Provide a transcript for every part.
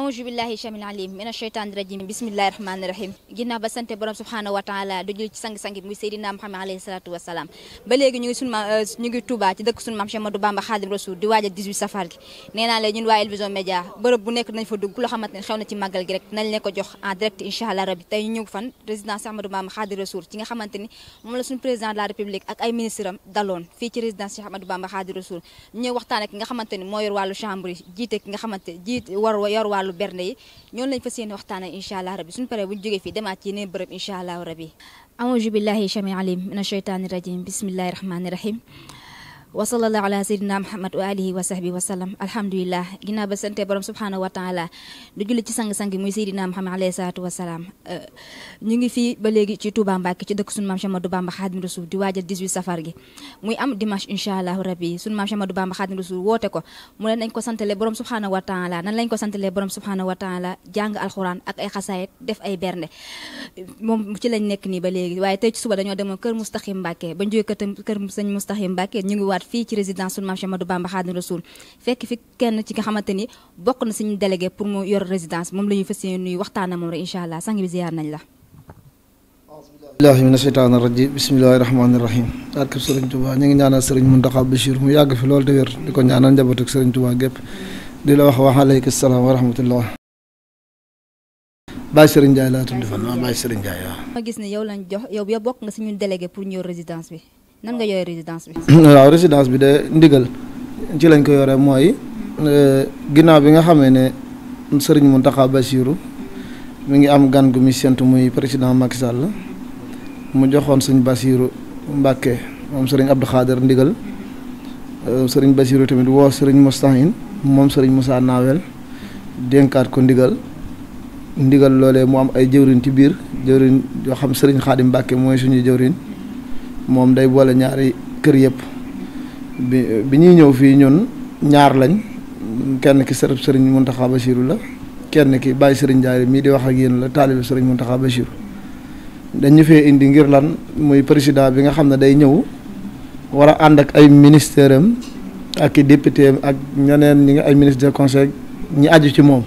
أعوذ بالله الشام العليم من الشيطان الرجيم بسم الله الرحمن الرحيم جينا بسنت بروم سبحانه وتعالى دجي سي سانغ سانغ محمد عليه الصلاه والسلام بلغي نيغي سون نيغي توبا تي دك سون مام شي مدو بامبا خادم رسول دي واجا 18 نينا لي نون وا الفيزيون ميديا بروب بو نيك نان فا دوغ كلو خامت ني خاونا تي ماغال ان شاء الله ربي تاي نيغ فان ريزيدنس احمد بامبا خادم رسول تيغا خامتني موم لا سون بريزيدنت لا ريبوبليك اك اي مينيستيرام دالون في تي ريزيدنس احمد بامبا خادم رسول ني واختان اك كيغا خامتني مو يور شامبري جيتي كيغا خامتني جيت وار وار wàllu berne yi ñoonu lañ fas yéene waxtaanee incha allah rabi suñu paree bu ñu jógee fii demaat yeneen bërëb incha allah rabi. aouzu billahi shami alim min ashaytaani rajim bismillahi rahmaani rahim wa sallallahu ala sayyidina muhammad wa alihi wa sahbihi wa sallam alhamdulilah ginnaaw ba sante borom subhanahu wa taala du julli ci sang-sang muy sayyidina muhammad alayhi salaatu wa salaam euh, ñu ngi fii ba léegi ci Touba Mbacke ci dëkk sunu maam Cheikh Ahmadou Bamba Xaadimu Rasuul di waajal 18 safar gi muy am dimanche incha allahu rabbi sunu maam Cheikh Ahmadou Bamba Xaadimu Rasuul woote ko mu ne nañ ko santale borom subhanahu wa taala nan lañ ko santale borom subhanahu wa taala jàng alxuraan ak ay xasaayit def ay bernde moom ci lañ nekk nii ba léegi waaye tey ci suba dañoo demoon kër Mustaxim Mbacke bañ jógee kër Sëñ Mustaxim Mbacke ñu ngi ñëwaat fii ci résidence sul maam Cheikh Ahmadou Bamba Xaadimu rasoul fekk fi kenn ci nga xamante ni bokk na suñu délégué pour mu yor résidence moom la ñuy fas yéene nuyu waxtaan moom rek incha allah sang bi ziyaar nañ la billahi mina sheytaani rajim bismillahi rahmaani rahim barkeb sëriñ touba ñu ngi ñaanal sëriñ Muntaxa Bachir mu yàgg fi loolu te wér di ko ñaanal njabootug sëriñ touba gépp di la wax wa aleykum salaam wa rahmatullah Baye Serigne Ndiaye laa tudd fan ma Baye Serigne Ndiaye waaw ma gis ne yow lañ jox yow ya bokk nga suñu délégué pour ñëw résidence bi nan nga yoré résidence bi waaw résidence bi de ndigal ci lañ ko yoré moy eh, ginaaw bi nga xamé né serigne muntaxa basiru mi ngi am gan gu mi sentu muy président Macky Sall mu joxoon sëñ Basiru Mbàkke moom sëriñ Abdou Khader ndigal eh, sëriñ Basiru tamit woo sëriñ Mustahin moom sëriñ Moussa Nawel dénkaat ko ndigal ndigal loolee mu am ay jëwrin ci biir jëwrin yoo xam sëriñ Xaadim Mbàkke mooy suñu jëwrin mom day bolé ñaari kër yépp bi ñi ñëw fi ñun ñaar lañ kenn ki sërëb sëriñ Muntaxa Basiru la kenn ki bay sëriñ jaari mi di wax ak yeen la taalibe sëriñ Muntaxa dañ ñu fee indi ngir lan muy président bi nga xam day ñëw war a ànd ak ay ministère am ak député ak ñeneen ñi nga ay ministre de conseil ñi aju ci moom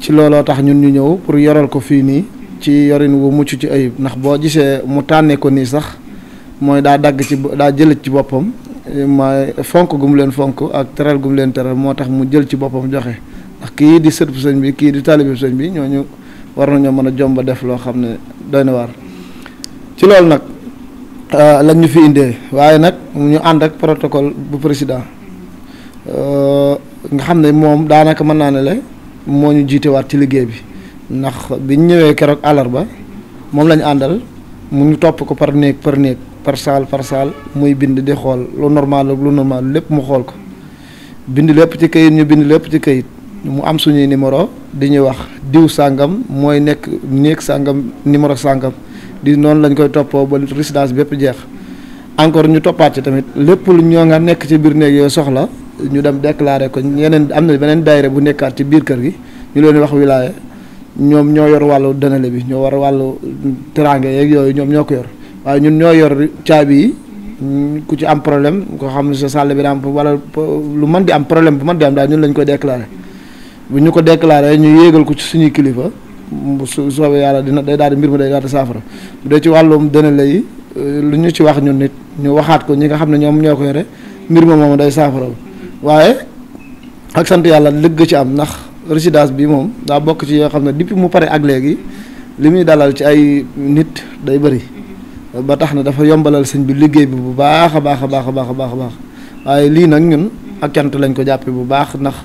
ci looloo tax ñun ñu ñëw pour yoral ko fii nii ci yorin wu mucc ci ayib ndax boo gisee mu ko nii sax moy da dag ci da jël ci bopam eh, moy fonk gum len fonk ak teral gum len teral motax mu jël ci bopam joxe ndax ki di bi ki di talib sëñ bi ñoñu war nañu mëna jomba def lo xamne doyna war ci lool nak ah, lañ ñu fi indé waye nak ñu and ak protocole bu président eh, nga xamne mom da naka mën na ne le moo ñu ci liggéey bi ndax biñ ñëwé kérok alarba mom lañ andal mu ñu top ko par nek par nek par sal par sal muy bind di xol lu normal lu normal lepp mu xol ko bind lepp ci kayit ñu bind lepp ci kayit mu am suñu numéro di ñu wax diw sangam moy nek nek sangam numéro sangam di non lañ koy topo ba résidence bepp jeex encore ñu topat ci tamit lepp lu ñoo nga nek ci bir neeg yo soxla ñu dem déclarer ko ñeneen amna benen daayira bu nekkat ci bir kër gi ñu leen wax wilaya ñom ñoo yor wàllu dënale bi ñoo war walu trangé yeeg yoy ñom ñoko yor waaye ñun ñoo yor caabi yi mm, ku ci am problème ko xam ne sa salle bi am wala lu mën di am problème bu mën di am daal ñun lañ koy déclaré bu ñu ko déclaré ñu yéegal ko ci suñuy kilifa su soobee yàlla dina day daal di mbir mi day daal saafara bu dee ci wàllum dana lay euh, lu ñu ci wax ñun nit ñu waxaat ko ñi nga xam ne ñoom ñoo ko yore mbir ma moom day saafara waaye ak sant yàlla lëgg ci am ndax résidence bi moom daa bokk ci yoo xam ne depuis mu pare ak léegi li muy dalal ci ay nit day bëri. ba tax na dafa yombalal sëñ bi liggéey bi bu baax a baax a baax a baax a baax waaye lii nag ñun ak cant lañ ko jàppe bu baax ndax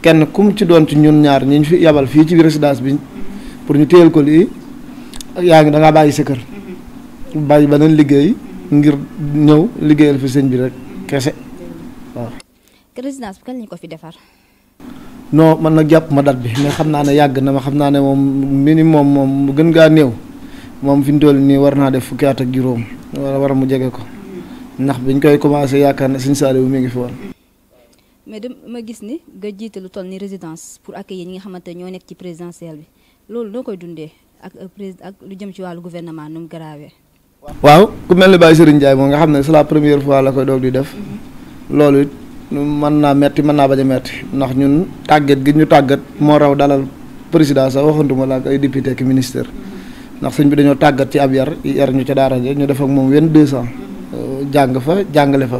kenn kum ci doon ci ñun ñaar ñi ñu fi yabal fii ci résidence bi pour ñu téyel ko lii yaa ngi danga bàyyi sa kër bàyyi beneen liggéey ngir ñëw liggéeyal fi sëñ bi rek kese waaw. résidence bi kañ lañ ko fi defar. non mën nag jàpp ma date bi mais xam naa ne yàgg na ma xam naa ne moom minimum moom mu gën ngaa néew. moom fi mu toll nii war naa def fukki at ak juróom wala war mu jege ko ndax biñ koy commencé yaakaar ne Sëñ Saaliw mi ngi fi woon. mais de gis ni ga jiite lu toll ni résidence pour accueillir ñi nga xamante ñoo nekk ci présidentielle bi loolu noo koy dundee ak euh, président ak lu jëm ci wàllu gouvernement nu mu garaawee. waaw ku mel Baye Serigne Ndiaye moom nga xam c'est la première fois la koy doog di def loolu it mën naa metti mën naa bañ a metti ndax ñun tàggat gi ñu tàggat moo raw dalal président waxantuma la ay député ak ministère ndax sëñ bi dañu tagat ci ab yar yar ñu ci daara ja ñu def ak mom wenn 200 cent jàng fa jangale fa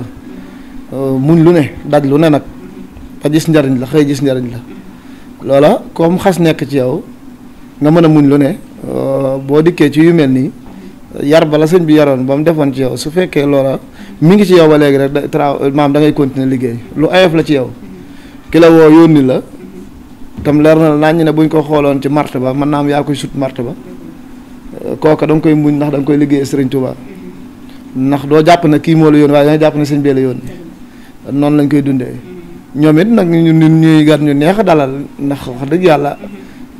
euh, muñ lu ne daj lu ne nak ba gis ndariñ la xey gis ndariñ la lola comme xass nek ci yow nga mëna muñ lu ne euh, bo dikke ci yu melni yar ba la sëñ bi yaron bam defon ci yow su fekke lola mi ngi ci yow ba rek tra maam da ngay continuer liggéey lu ayef la ci yow ki la wo yoni la tam leer na nañ ne buñ ko xooloon ci martaba ba mën naa am sut ba koka dang koy muñ ndax dang koy liggéey Serigne Touba ndax do japp na ki mo la yoon way dangay japp na serigne bee la yoon non lañ koy dundé ñoom it nag ñu ñun ñuy gar ñu neex dalal ndax wax deug yalla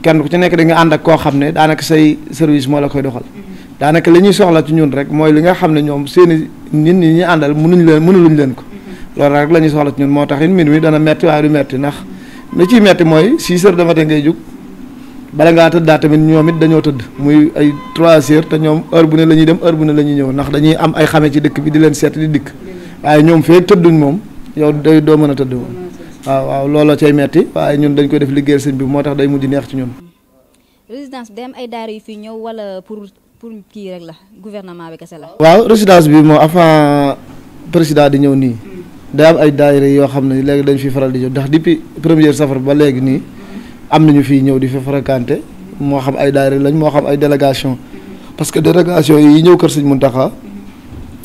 kenn ku ci nekk da nga and ak ko xamne ne daanaka say service mo la koy doxal daanaka li ñuy soxla ci ñun rek moy li nga xamne ñom seen nit ñi ñi andal mënuñ leen mënuluñ leen ko lool rek lañuy soxla ci ñun moo tax it mbir mi dana metti waaye du metti ndax na ci metti moy 6 heures de matin ngay juk bala ngaa tëddaat tamit ñoom it dañoo tëdd muy ay trois heures te ñoom heure bu ne la ñuy dem heure bu ne la ñuy ñëw ndax dañuy am ay xame ci dëkk bi di leen seet di dikk waaye ñoom fee tëdduñ moom yow day doo mën a tëdd woon waaw waaw looloo cay metti waaye ñun dañ koy def liggéeyal sëñ bi moo tax day mujj neex ci ñun. résidence bi day am ay daara yi fi ñëw wala pour pour kii rek la gouvernement bi kese la. waaw résidence bi moo avant président di ñëw nii. day ay daayira yoo xam ne léegi dañ fi faral di jot ndax depuis première safar ba léegi nii. am nañu fii ñëw di fi fréquenté moo xam ay daayira lañ moo xam ay délégation parce que délégation yi ñëw kër sëñ Muntaxa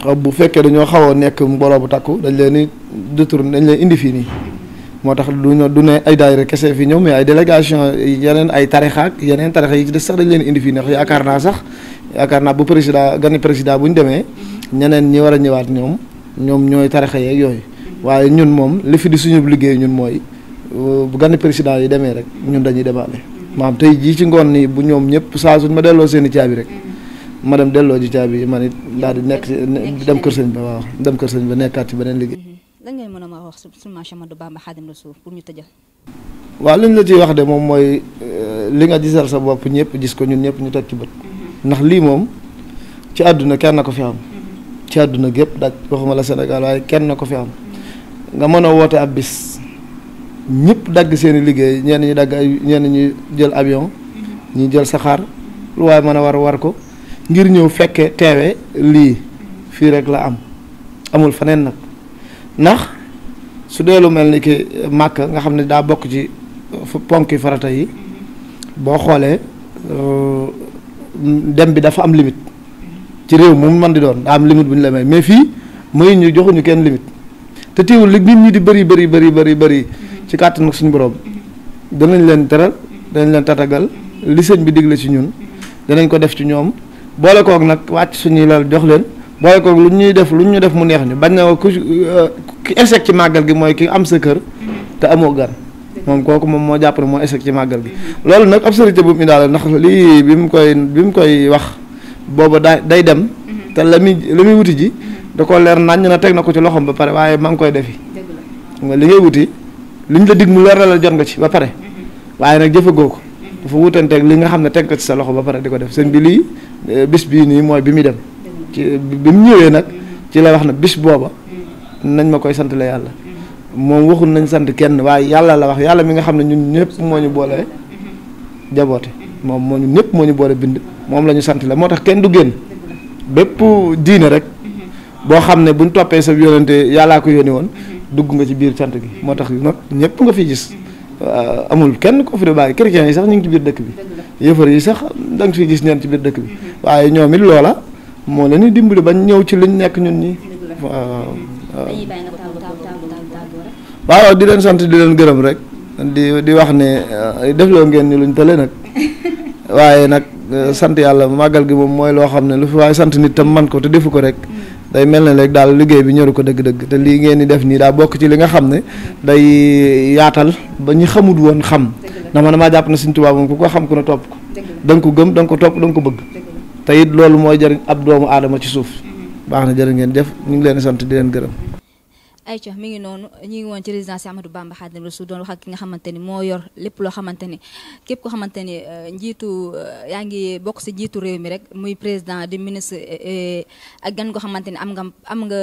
euh, bu fekkee dañoo xaw a nekk mbooloo bu takku dañ leen di détourné dañ leen indi fii nii moo tax du ñu du ne ay daayira kese fi ñëw mais ay délégation yeneen ay tarixa ak yeneen tarixa yi ci des sax dañ leen indi fii ndax yaakaar naa sax yaakaar naa bu président gani président bu ñu demee ñeneen ñi war a ñëwaat ñoom ñoom ñooy tarixa yee yooyu waaye ñun moom li fi di suñu liggéey ñun mooy bu gan président yi demee rek ñun dañuy demaale maam tey jii ci ngoon nii bu ñoom ñëpp saa suñ ma delloo seen i caabi rek ma dem delloo ji caabi man it daal di nekk dem kër sëñ ba waaw dem kër sëñ ba nekkaat ci beneen liggéey. Mhm. lan ngay mën a wax suñu maam Ahmadou Bamba Xaadimu Rasuul pour ñu tëjal. waaw li ñu la ciy wax de moom mooy euh, li nga gisal sa bopp ñëpp gis ko ñun ñëpp ñu teg ci bët mhm. ndax lii moom ci àdduna kenn ko fi am. Mhm. ci àdduna gépp daaj waxuma la Sénégal waaye kenn na ko fi am nga mën a woote ab bis. ñëpp dag seen liggéey ñen ñi dag ñen ñi jël avion ñi jël saxar lu waaye war war ko ngir ñew fekke téwé li fi rek la am amul feneen nak ndax su dee lu mel ni ki nga xamni ke bok ci ponki farata yi bo xolé euh, dem bi dafa am limite ci rew mu man di doon am limite buñ la may mais fi may ñu ñu kenn limite te li nit ñi di bari bari bari bari bari ci kàttan ak suñu borom danañ leen teral danañ leen tatagal li sëñ bi digle ci ñun danañ ko def ci ñoom boole kook nag wàcc suñuy lal jox leen boole kook lu ñuy def lu ñu def mu neex ñu bañ na ku euh, ki échec ci màggal gi mooy ki am sa kër te amoo gan moom kooku moom moo jàpp ne moo échec ci màggal gi loolu nag absurdité bu mu indaale ndax lii bi mu koy bi mu koy wax booba da day dem te la muy la muy wuti ji da ko leer nañ na teg na ko ci loxoom ba pare waaye maa ngi koy defi li ngay wuti liñ la dig mu leer la jot nga ci ba pare waaye nag jëfagoo ko dafa wutanteeg li nga xam ne teg ko ci sa loxo ba pare di ko def sëñ bi lii euh, bis bii nii mooy bi muy dem ci bi mu ñëwee nag ci la wax na bis booba nañ ma koy sant la yàlla moom waxul nañ sant kenn waaye yàlla la wax yàlla mi nga xam ne ñu ñëpp moo ñu boole jaboote moom moo ñu ñëpp moo ñu boole bind moom la ñu sant la moo tax kenn du génn bépp diine rek boo xam ne buñ toppee sa yónnante yàllaa ko yónni woon dugg nga ci biir sant gi motax tax ñëpp nga fi gis amul kenn ko fi do baye chrétiens yi sax ñu ci biir dëkk bi yeufar yi sax da nga fi gis ñen ci biir dëkk bi waye ñoomi lola mo moo di dimbali ba ñew ci liñ nekk ñun ni waaw di len sant di len gëreem rek di di wax ne eh, lo ngeen ni luñu tele nak waye nak eh, sant yalla magal gi mom moy lo xamne lu fi waaye sant nit tam man ko te defu ko rek day mel na rek daal liggéey bi ñoru ko dëgg-dëgg te lii ngeen di def nii daa bokk ci li nga xam ne day yaatal ba ñu xamut woon xam ndax man maa jàpp na Sëñ Tuubaa moom ku ko xam ku ne topp ko da ko gëm da ko topp da nga ko bëgg te it loolu mooy jëriñ ab doomu aadama ci suuf baax na jërë ngeen def ñu ngi leen sant di leen gërëm Aïcha mi ngi noonu ñu ngi woon ci résidence Amadou Bamba Khadim Rassoul doon wax ak ki nga xamante moo yor lépp loo xamante ni képp ko xamante ni euh, njiitu euh, yaa ngi bokk si njiitu réew mi rek muy président di ministre ak gan ko xamante ni am nga am nga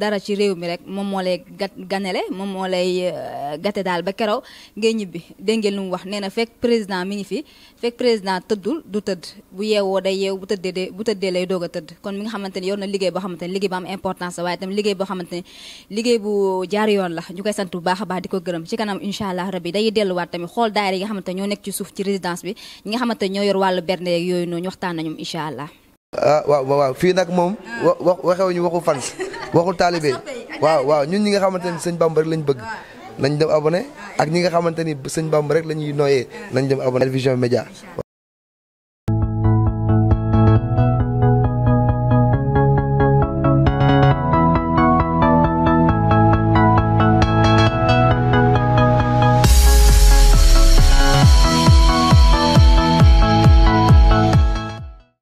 dara ci réew mi rek moom moo lay gat ganale moom moo lay euh, gate daal ba keroog ngay ñibbi dégg ngeen lu mu wax nee fekk président mi ngi fi fekk président tëddul du tëdd bu yeewoo day yeew bu tëddee de bu tëddee lay doog a tëdd kon mi nga xamante ni yor na liggéey boo xamante liggéey boo xamante bu jaar yoon la ñu koy sant bu baax a baax di ko gërëm ci kanam incha allah rabi day delluwaat tamit xool daayira yi nga xamante ñoo nekk ci suuf ci résidence bi ñi nga xamante ñoo yor wàllu bernde yeeg yooyu noonu waxtaan nañu incha allah. ah waaw waaw fii nag waxu fans waxu taalibe waaw waaw ñun ñi nga xamante ni sëñ Bamba rek lañ bëgg. nañ dem abonné ak ñi nga xamante ni sëñ Bamba rek la ñuy nooyee nañ dem abonné. Elvision Média